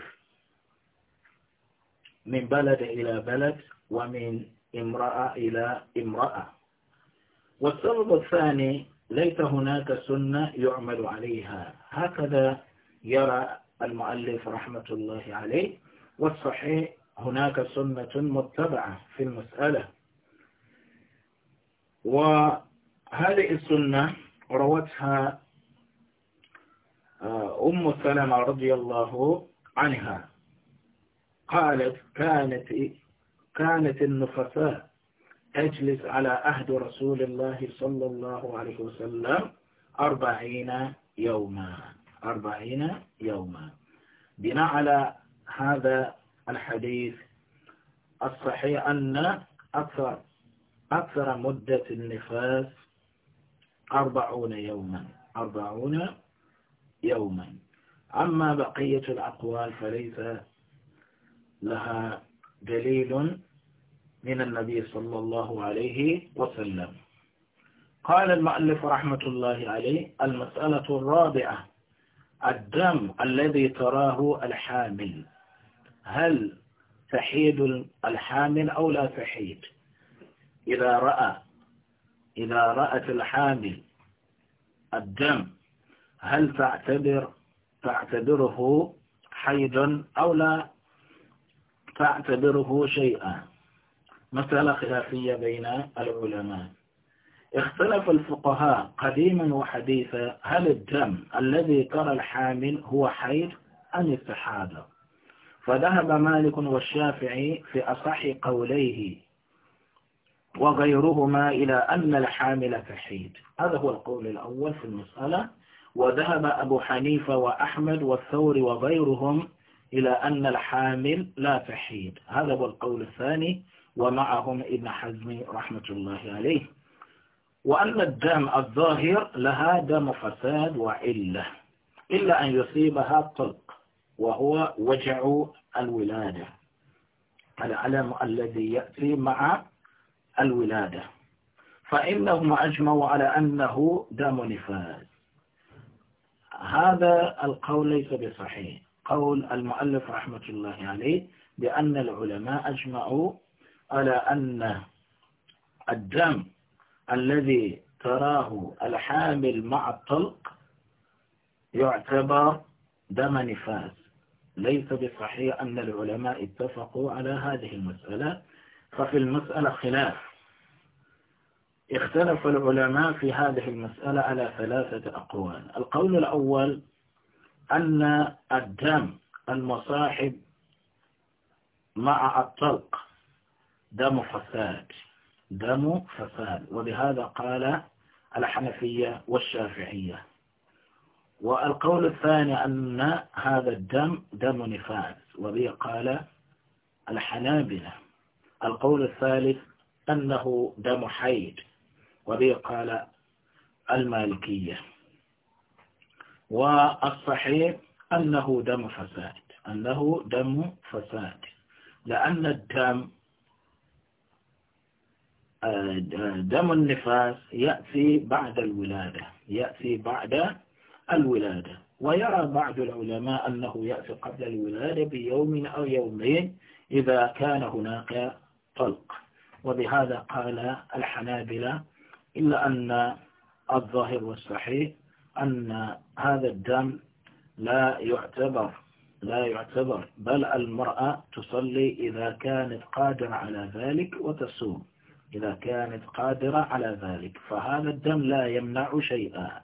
من بلد إلى بلد ومن امرأة إلى امرأة والسبب الثاني ليس هناك سنة يعمل عليها هكذا يرى المؤلف رحمة الله عليه والصحيح هناك سنة متبعة في المسألة وهذه السنة روتها آه، أم سلمة رضي الله عنها قالت كانت كانت النفساء تجلس على عهد رسول الله صلى الله عليه وسلم أربعين يوما أربعين يوما بناء على هذا الحديث الصحيح أن أكثر أكثر مدة النفاس أربعون يوما أربعون يوما أما بقية الأقوال فليس لها دليل من النبي صلى الله عليه وسلم قال المؤلف رحمة الله عليه المسألة الرابعة الدم الذي تراه الحامل هل تحيد الحامل أو لا تحيد إذا رأى إذا رأت الحامل الدم هل تعتبر تعتبره حيدا أو لا تعتبره شيئا مسألة خلافية بين العلماء اختلف الفقهاء قديما وحديثا هل الدم الذي ترى الحامل هو حيد أم استحاضة فذهب مالك والشافعي في أصح قوليه وغيرهما إلى أن الحامل تحيد هذا هو القول الأول في المسألة وذهب أبو حنيفة وأحمد والثور وغيرهم إلى أن الحامل لا تحيد هذا هو القول الثاني ومعهم ابن حزم رحمة الله عليه وأن الدم الظاهر لها دم فساد وعلة إلا أن يصيبها الطلق وهو وجع الولادة الألم الذي يأتي مع الولادة فإنهم أجمعوا على أنه دم نفاذ هذا القول ليس بصحيح قول المؤلف رحمة الله عليه بأن العلماء أجمعوا على أن الدم الذي تراه الحامل مع الطلق يعتبر دم نفاذ ليس بصحيح أن العلماء اتفقوا على هذه المسألة ففي المسألة خلاف اختلف العلماء في هذه المسألة على ثلاثة أقوال القول الأول أن الدم المصاحب مع الطلق دم فساد دم فساد ولهذا قال الحنفية والشافعية والقول الثاني أن هذا الدم دم نفاس وبه قال الحنابلة القول الثالث أنه دم حيد وبه قال المالكية والصحيح أنه دم فساد أنه دم فساد لأن الدم آه، دم النفاس يأتي بعد الولادة يأتي بعد الولادة ويرى بعض العلماء أنه يأتي قبل الولادة بيوم أو يومين إذا كان هناك طلق وبهذا قال الحنابلة إلا أن الظاهر والصحيح أن هذا الدم لا يعتبر لا يعتبر بل المرأة تصلي إذا كانت قادرة على ذلك وتصوم إذا كانت قادرة على ذلك فهذا الدم لا يمنع شيئا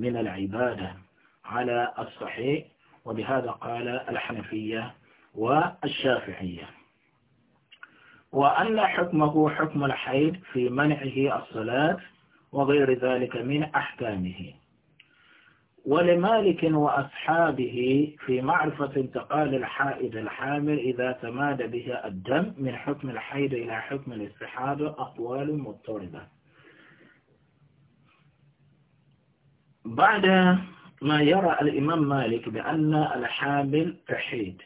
من العبادة على الصحيح وبهذا قال الحنفية والشافعية وأن حكمه حكم الحيض في منعه الصلاة وغير ذلك من أحكامه ولمالك وأصحابه في معرفة انتقال الحائد الحامل إذا تماد به الدم من حكم الحيض إلى حكم الاستحاضة أقوال مضطردة بعد ما يرى الإمام مالك بأن الحامل تحيد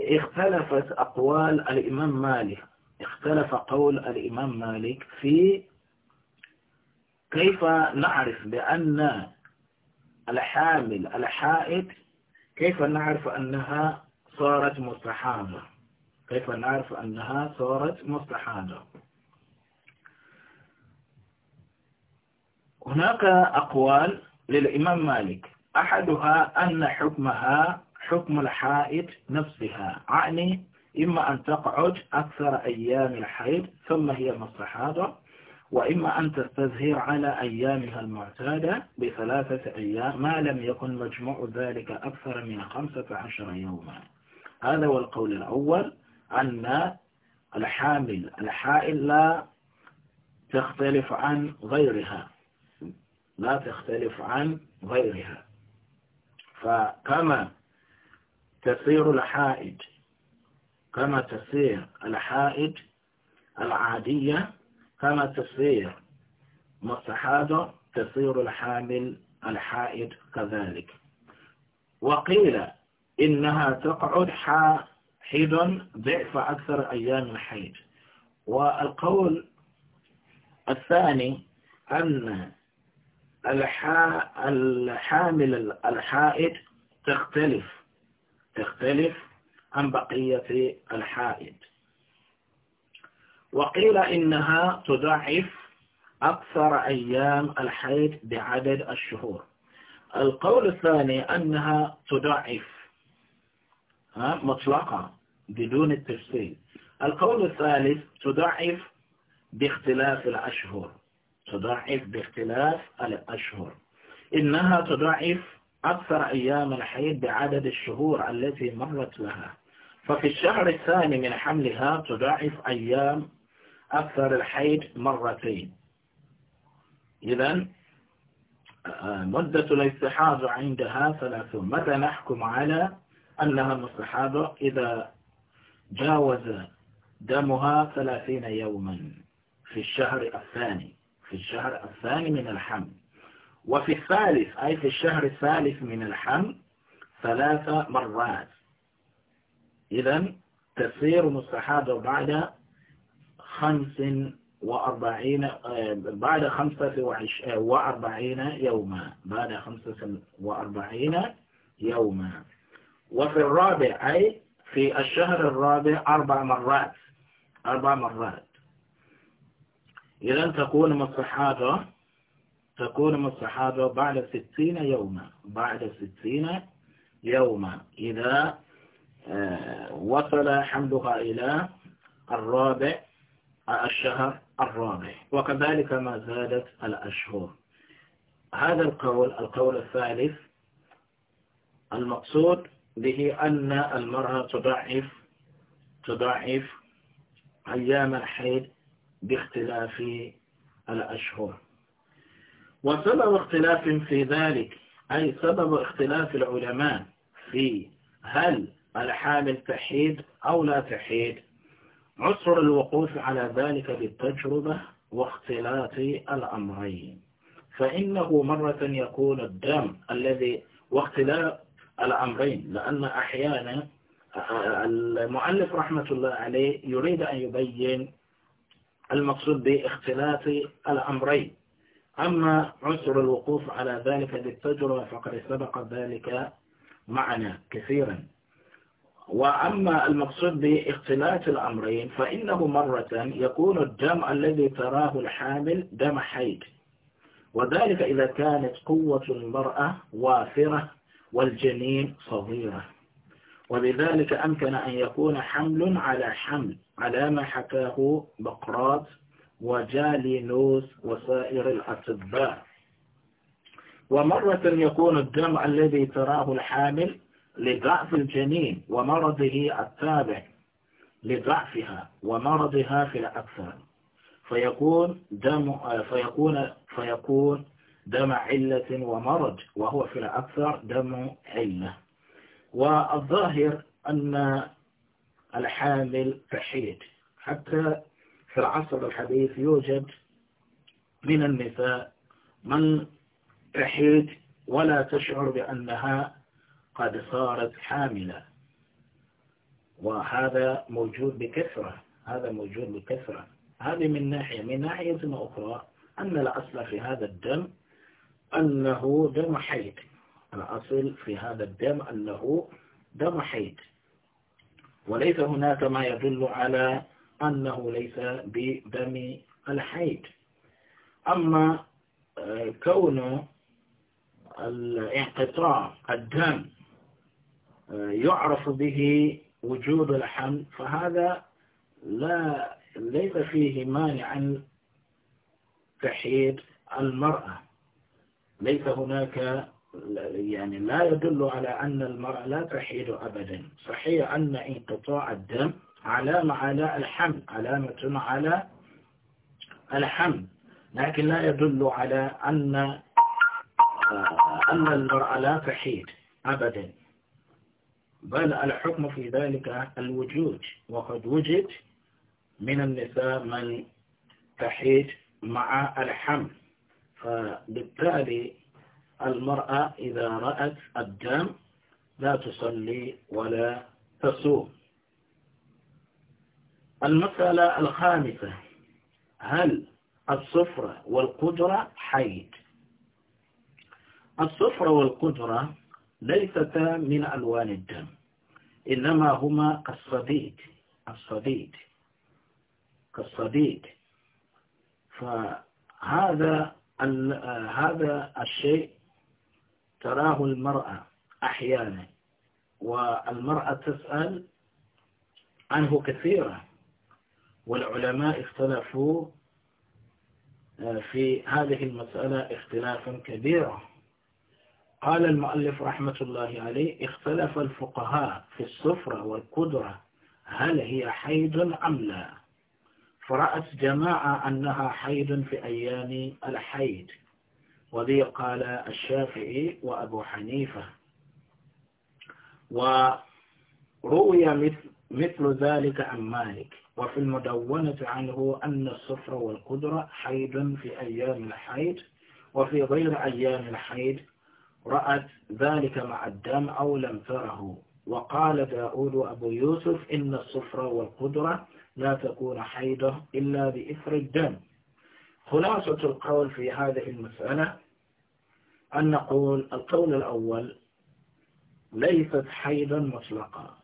اختلفت أقوال الإمام مالك اختلف قول الإمام مالك في كيف نعرف بأن الحامل الحائد كيف نعرف أنها صارت مستحامة كيف نعرف أنها صارت مستحامة هناك أقوال للإمام مالك أحدها أن حكمها حكم الحائط نفسها يعني إما أن تقعد أكثر أيام الحيض ثم هي مستحاضة وإما أن تستظهر على أيامها المعتادة بثلاثة أيام ما لم يكن مجموع ذلك أكثر من خمسة عشر يوما هذا هو القول الأول أن الحامل الحائل لا تختلف عن غيرها لا تختلف عن غيرها فكما تسير الحائج كما تسير الحائج العادية كما تسير مصحادة تسير الحامل الحائد كذلك وقيل إنها تقعد حائضا ضعف أكثر أيام الحيض والقول الثاني أن الحامل الحائد تختلف تختلف عن بقية الحائد وقيل إنها تضعف أكثر أيام الحيض بعدد الشهور القول الثاني أنها تضعف مطلقة بدون التفصيل القول الثالث تضعف باختلاف الأشهر تضاعف باختلاف الأشهر إنها تضاعف أكثر أيام الحيض بعدد الشهور التي مرت لها ففي الشهر الثاني من حملها تضاعف أيام أكثر الحيض مرتين إذا مدة الاستحاضة عندها ثلاث متى نحكم على أنها مستحاضة إذا جاوز دمها ثلاثين يوما في الشهر الثاني في الشهر الثاني من الحمل وفي الثالث أي في الشهر الثالث من الحمل ثلاث مرات إذا تصير مستحاضة بعد خمس وأربعين آه، بعد خمسة آه، وأربعين يوما بعد خمسة وأربعين يوما وفي الرابع أي في الشهر الرابع أربع مرات أربع مرات إذا تكون مصحابة الصحابة تكون مصحابة بعد ستين يوما بعد ستين يوما إذا آه، وصل حملها إلى الرابع الشهر الرابع وكذلك ما زادت الأشهر هذا القول القول الثالث المقصود به أن المرأة تضعف تضعف أيام الحيض باختلاف الأشهر وسبب اختلاف في ذلك أي سبب اختلاف العلماء في هل الحامل تحيد أو لا تحيد عصر الوقوف على ذلك بالتجربة واختلاط الأمرين فإنه مرة يكون الدم الذي واختلاف الأمرين لأن أحيانا المؤلف رحمة الله عليه يريد أن يبين المقصود باختلاف الأمرين أما عنصر الوقوف على ذلك بالتجربة فقد سبق ذلك معنا كثيرا وأما المقصود باختلاف الأمرين فإنه مرة يكون الدم الذي تراه الحامل دم حيد وذلك إذا كانت قوة المرأة وافرة والجنين صغيرة وبذلك أمكن أن يكون حمل على حمل على ما حكاه بقراط وجالينوس وسائر الأطباء ومرة يكون الدم الذي تراه الحامل لضعف الجنين ومرضه التابع لضعفها ومرضها في الأكثر فيكون دم فيكون فيكون دم علة ومرض وهو في الأكثر دم علة والظاهر أن الحامل فحيد حتى في العصر الحديث يوجد من النساء من تحيد ولا تشعر بأنها قد صارت حاملة وهذا موجود بكثرة هذا موجود بكثرة هذه من ناحية من ناحية أخرى أن الأصل في هذا الدم أنه دم حيث الأصل في هذا الدم أنه دم حيد وليس هناك ما يدل على أنه ليس بدم الحيد أما آه، كون الانقطاع الدم آه، يعرف به وجود الحمل فهذا لا ليس فيه مانع عن تحييد المرأة ليس هناك يعني لا يدل على أن المرأة لا تحيد أبدا صحيح أن انقطاع الدم علامة على الحمل علامة على الحمل لكن لا يدل على أن أن المرأة لا تحيد أبدا بل الحكم في ذلك الوجود وقد وجد من النساء من تحيد مع الحمل فبالتالي المرأة إذا رأت الدم لا تصلي ولا تصوم المسألة الخامسة هل الصفرة والقدرة حيد الصفرة والقدرة ليستا من ألوان الدم إنما هما كالصديد الصديد كالصديد فهذا هذا الشيء تراه المرأة أحيانا والمرأة تسأل عنه كثيرا والعلماء اختلفوا آه، في هذه المسألة اختلافا كبيرا قال المؤلف رحمة الله عليه اختلف الفقهاء في السفرة والقدرة هل هي حيض أم لا فرأت جماعة أنها حيض في أيام الحيض وذي قال الشافعي وأبو حنيفة وروي مثل, مثل ذلك عن مالك وفي المدونة عنه أن الصفر والقدرة حيض في أيام الحيض وفي غير أيام الحيض رأت ذلك مع الدم أو لم تره وقال داود أبو يوسف إن الصفر والقدرة لا تكون حيضة إلا بإثر الدم خلاصة القول في هذه المسألة أن نقول القول الأول ليست حيضا مطلقة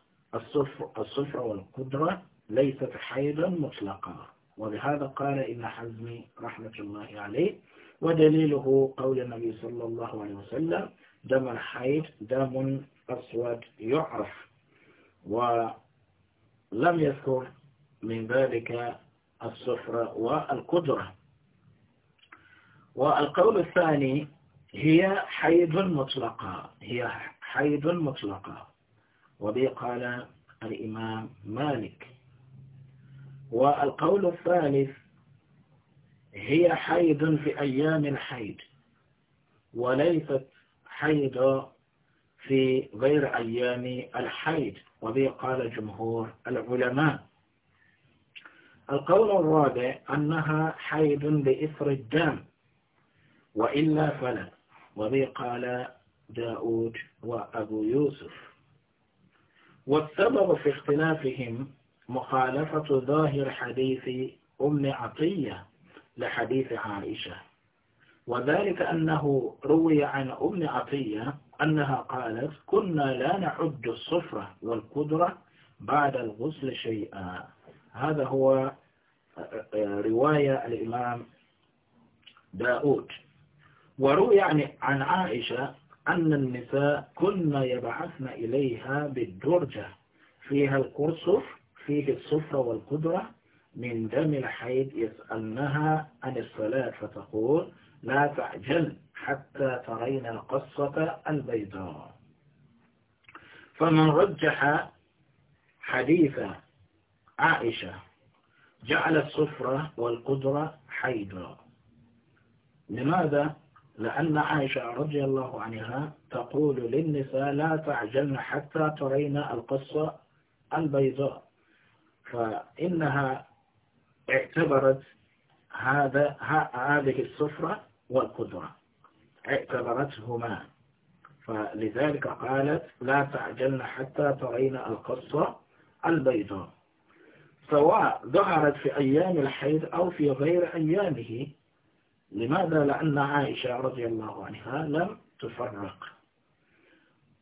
الصفر والقدرة ليست حيضا مطلقة وبهذا قال ابن حزم رحمة الله عليه ودليله قول النبي صلى الله عليه وسلم دم الحيض دم أسود يعرف ولم يذكر من ذلك الصفر والقدرة والقول الثاني هي حيض مطلقة هي حيض مطلقة وبه قال الإمام مالك والقول الثالث هي حيض في أيام الحيض وليست حيض في غير أيام الحيض وبه قال جمهور العلماء القول الرابع أنها حيض بإثر الدم وإلا فلا وبه قال داود وأبو يوسف والسبب في اختلافهم مخالفة ظاهر حديث أم عطية لحديث عائشة وذلك أنه روي عن أم عطية أنها قالت كنا لا نعد الصفرة والقدرة بعد الغسل شيئا هذا هو آه، آه، رواية الإمام داود وروي يعني عن عائشة أن النساء كن يبعثن إليها بالدرجة فيها القرصف فيه الصفرة والقدرة من دم الحيض يسألنها عن الصلاة فتقول لا تعجل حتى ترين القصة البيضاء فمن رجح حديث عائشة جعل الصفرة والقدرة حيضا لماذا؟ لأن عائشة رضي الله عنها تقول للنساء لا تعجلن حتى ترين القصة البيضاء فإنها اعتبرت هذا هذه السفرة والقدرة اعتبرتهما فلذلك قالت لا تعجلن حتى ترين القصة البيضاء سواء ظهرت في أيام الحيض أو في غير أيامه لماذا؟ لأن عائشة رضي الله عنها لم تفرق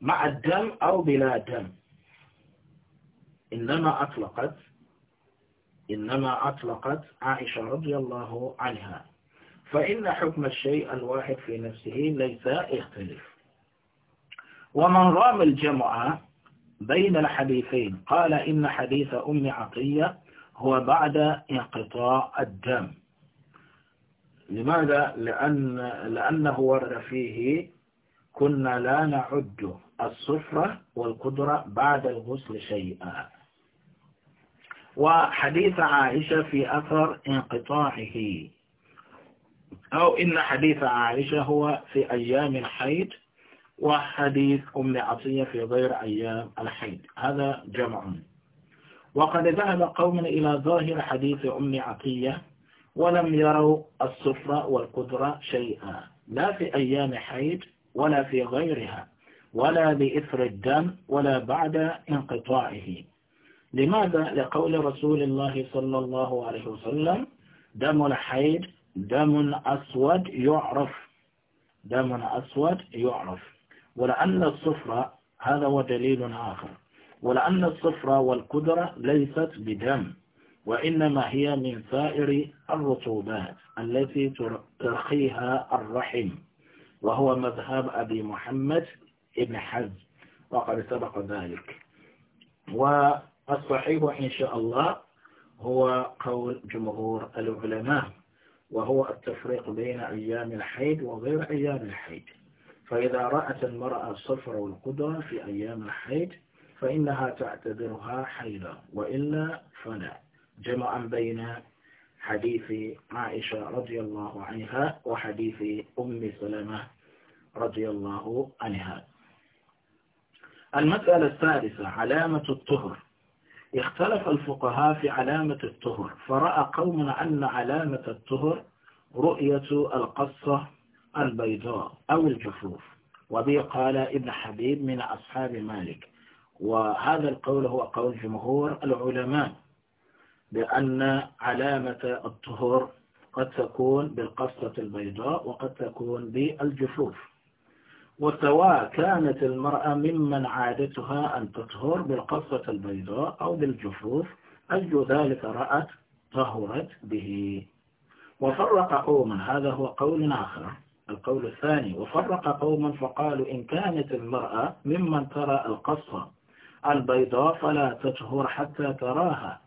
مع الدم أو بلا دم إنما أطلقت إنما أطلقت عائشة رضي الله عنها فإن حكم الشيء الواحد في نفسه ليس يختلف ومن رام الجمعة بين الحديثين قال إن حديث أم عطية هو بعد انقطاع الدم لماذا؟ لأن لأنه ورد فيه كنا لا نعد الصفرة والقدرة بعد الغسل شيئا وحديث عائشة في أثر انقطاعه أو إن حديث عائشة هو في أيام الحيض وحديث أم عطية في غير أيام الحيض هذا جمع وقد ذهب قوم إلى ظاهر حديث أم عطية ولم يروا الصفرة والقدرة شيئا لا في أيام حيد ولا في غيرها ولا بإثر الدم ولا بعد انقطاعه لماذا لقول رسول الله صلى الله عليه وسلم دم الحيد دم أسود يعرف دم أسود يعرف ولأن الصفرة هذا هو دليل آخر ولأن الصفرة والقدرة ليست بدم وإنما هي من سائر الرطوبات التي ترخيها الرحم وهو مذهب أبي محمد ابن حزم وقد سبق ذلك والصحيح إن شاء الله هو قول جمهور العلماء وهو التفريق بين أيام الحيض وغير أيام الحيض فإذا رأت المرأة الصفر والقدرة في أيام الحيض فإنها تعتبرها حيضة وإلا فلا جمعا بين حديث عائشة رضي الله عنها وحديث أم سلمة رضي الله عنها المسألة الثالثة علامة الطهر اختلف الفقهاء في علامة الطهر فرأى قوم أن علامة الطهر رؤية القصة البيضاء أو الجفوف وبه قال ابن حبيب من أصحاب مالك وهذا القول هو قول جمهور العلماء بأن علامة الطهور قد تكون بالقصة البيضاء وقد تكون بالجفوف وسواء كانت المرأة ممن عادتها أن تطهر بالقصة البيضاء أو بالجفوف أي ذلك رأت طهرت به وفرق قوما هذا هو قول آخر القول الثاني وفرق قوما فقالوا إن كانت المرأة ممن ترى القصة البيضاء فلا تطهر حتى تراها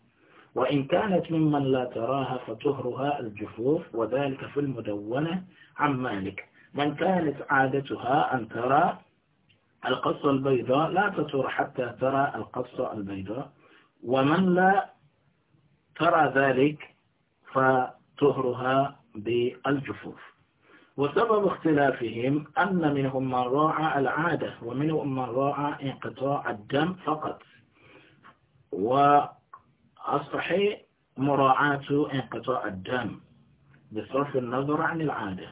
وإن كانت ممن لا تراها فطهرها الجفوف وذلك في المدونة عن مالك من كانت عادتها أن ترى القصة البيضاء لا تطهر حتى ترى القصة البيضاء ومن لا ترى ذلك فطهرها بالجفوف وسبب اختلافهم أن منهم من راعى العادة ومنهم من راعى انقطاع الدم فقط و الصحيح مراعاة انقطاع الدم بصرف النظر عن العادة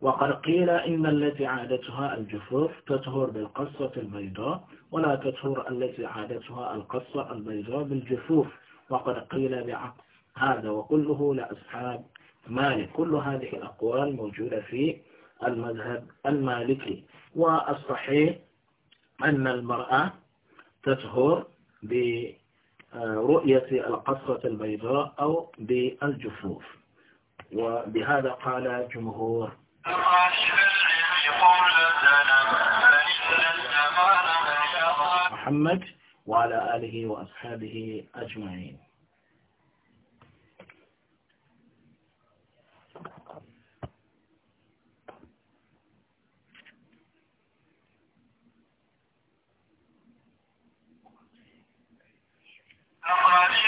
وقد قيل إن التي عادتها الجفوف تطهر بالقصة البيضاء ولا تطهر التي عادتها القصة البيضاء بالجفوف وقد قيل بعكس هذا وكله لأصحاب مالك كل هذه الأقوال موجودة في المذهب المالكي والصحيح أن المرأة تطهر بالجفوف رؤية القصرة البيضاء أو بالجفوف وبهذا قال جمهور محمد وعلى آله وأصحابه أجمعين أخرج